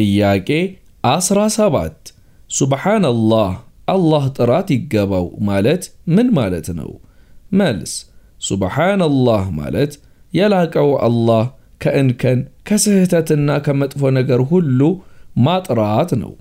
ጥያቄ 17 ሱብሓንላህ አላህ ጥራት ይገባው ማለት ምን ማለት ነው? መልስ ሱብሓንላህ ማለት የላቀው አላህ ከእንከን ከስህተትና ከመጥፎ ነገር ሁሉ ማጥራት ነው።